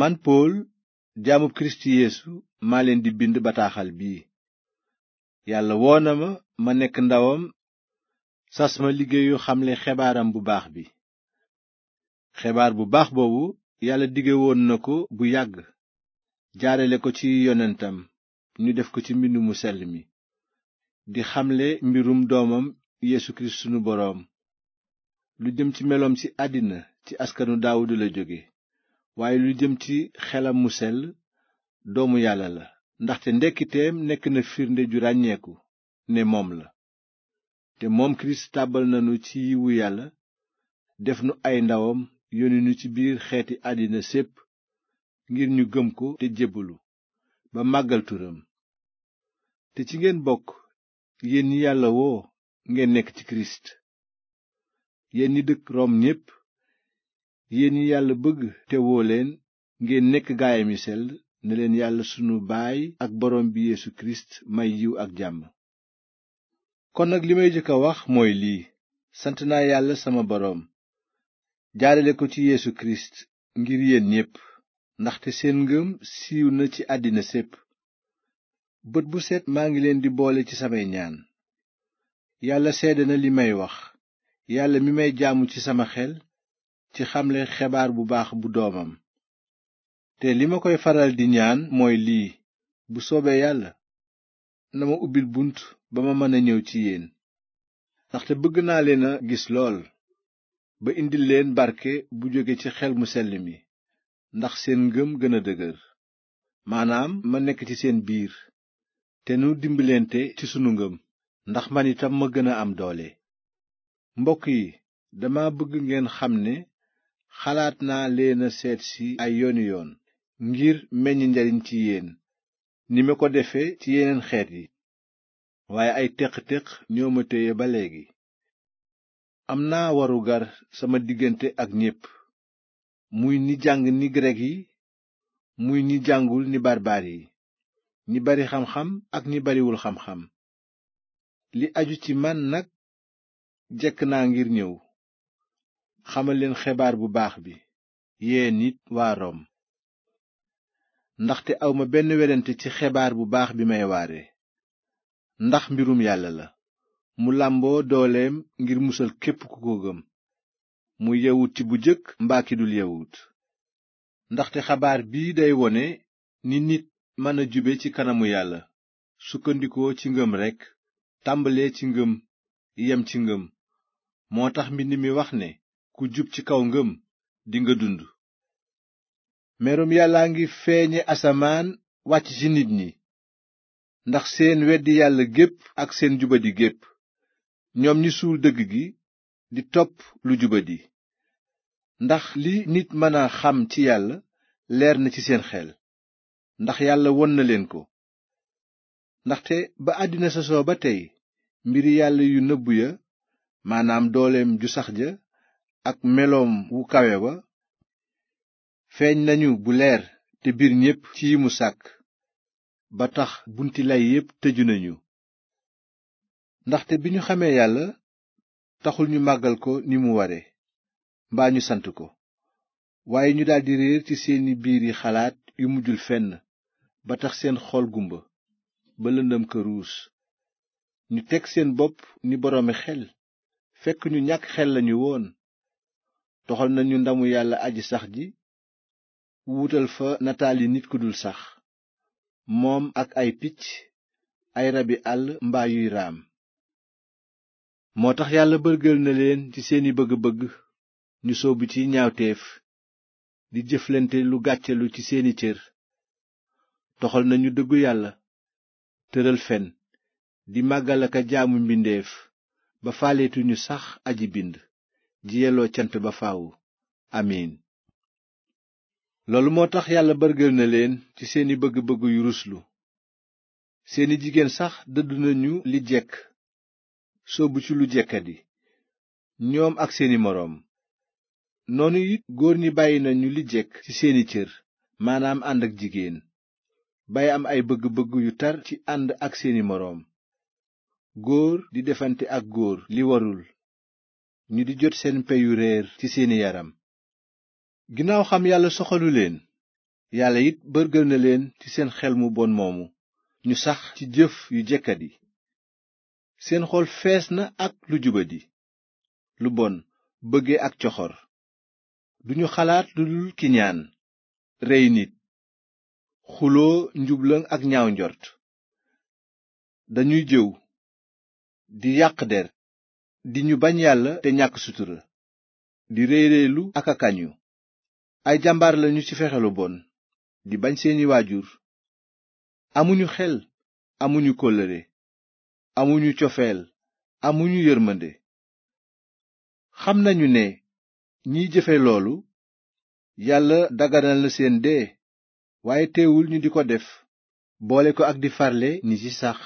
man pool jaamub kiristu yéesu maa leen di bind bataaxal bii yàlla woo na ma ma nekk ndawam sas ma liggéeyu xamle xebaaram bu baax bi xebaar bu baax boobu yàlla dige woon na ko bu yàgg jaarale ko ci yonentam ñu def ko ci mbind mu sell mi di xamle mbirum doomam yeesu kirist sunu boroom lu jëm ci meloom ci àddina ci askanu daawudu la jóge waaye lu jëm ci xelam mu sell doomu yàlla la ndaxte ndekkiteem nekk na firnde ju ràññeeku ne moom la te moom kirist tàbbal nanu ci yiwu yàlla def nu ay ndawam yónni ci biir xeeti àddina sépp ngir ñu gëm ko te jébbalu ba màggal turam te ci ngeen bokk yéen ñi yàlla woo ngeen nekk ci kirist yéen ñi dëkk Rom ñépp yéen yàlla bëgg te leen ngeen nekk gaayam yu sell na leen yàlla sunu baay ak boroom bi Yeesu may yiw ak jàmm kon nag li may jëkk a wax mooy lii sant naa yàlla sama boroom jaarale ko ci Yeesu Kirist ngir yéen ñépp ndaxte seen ngëm siiw na ci àddina sépp bët bu set maa ngi leen di boole ci samay ñaan yàlla sedd na li may wax yàlla mi may jaamu ci sama xel ci xamle xebaar bu baax bu doomam te li ma koy faral di ñaan mooy lii bu soobee yàlla na ma ubbil bunt ba ma mën a ñëw ci yéen ndaxte bëgg naa leen a gis lool ba indil leen barke bu jóge ci xel mu sell mi ndax seen ngëm gën a dëgër maanaam ma nekk ci seen biir te nu dimbalante ci sunu ngëm ndax man itam ma gën a am doole mbokk yi dama bëgg ngeen xam ne xalaat naa leena seetsi ay yooni yoon ngir meññ njariñ ci yéen ni ma ko defee ci yeneen xeet yi waaye ay teq-teq ñoo ma téye ba léegi am naa warugar sama diggante ak ñépp muy ñi jàng ni grek yi muy ñi jàngul ni barbaar yi ñi bari xam-xam ak ñi bariwul xam-xam li aju ci man nag jekk naa ngir ñëw xamal leen xebaar bu baax bi yéen nit waa Rom ndaxte awma benn werante ci xebaar bu baax bi may waare ndax mbirum yàlla la mu làmboo dooleem ngir musal képp ku ko gëm muy yawut ci bu jëkk mbaa ki dul yawut ndaxte xabaar bii day wone ni nit mën a jube ci kanamu yàlla sukkandikoo ci ngëm rekk tàmbalee ci ngëm yem ci ngëm moo tax mbind mi wax ne ku jub ci kaw ngëm dinga dund merum yàllaa ngi feeñe asamaan wàcc ci nit ñi ndax seen weddi yàlla gépp ak seen jubadi gépp ñoom ñi suul dëgg gi di topp lu jubadi ndax li nit mën a xam ci yàlla leer na ci seen xel ndax yàlla won na leen ko ndaxte ba àddina sosoo ba tey mbir yàlla yu nëbbu ya maanaam dooleem ju sax ja ak meloom wu kawe wa feeñ nañu bu leer te biir ñépp ci yi mu sàkk ba tax bunti lay yépp tëju nañu ndaxte bi ñu xamee yàlla taxul ñu màggal ko ni mu ware mbaa ñu sant ko waaye ñu daldi réer ci seeni biir yi xalaat yu mujjul fenn ba tax seen xool gumba ba lëndëm këruus ñu teg seen bopp ni boroomi xel fekk ñu ñàkk xel lañu woon toxal nañu ndamu yàlla aji sax ji wutal fa nataali nit ku dul sax moom ak ay picc ay rabi àll mbaa yuy raam moo tax yàlla bërgël na leen ci seeni bëgg-bëgg ñu soobu ci ñaawteef di jëflante lu gàccelu ci seeni cër toxal nañu dëggu yàlla tëral fen di màggal aka jaamu mbindeef ba faleetuñu sax aji bind ji cant ba faaw amiin loolu moo tax yàlla bërgël na leen ci seeni bëgg-bëgg yu ruslu seeni jigéen sax dëdd nañu li jekk sóobu ci lu jekkadi ñoom ak seeni moroom noonu it góor ñi bàyyi nañu li jekk ci seeni cër maanaam ànd ak jigéen bay am ay bëgg-bëgg yu tar ci ànd ak seeni moroom góor di defante ak góor li warul ñu di jot seen peyu réer ci seeni yaram ginnaaw xam yàlla soxalu leen yàlla it bërgël na leen ci seen xel mu bon moomu ñu sax ci jëf yu jekkat yi seen xool fees na ak lu jubadi lu bon bëgge ak coxor duñu xalaat lu dul kiñaan rey nit xuloo njublëng ak ñaaw njot dañuy jëw di yàq der di ñu bañ yàlla te ñàkk sutura di réy réylu ak a kañu ay jàmbaar lañu ci fexeelu bon di bañ seeni waajur amuñu xel amuñu kóllëre amuñu cofeel amuñu yërmande xam nañu ne ñiy jëfe loolu yàlla daganal na seen dee waaye teewul ñu di ko def boole ko ak di farle ni ci sax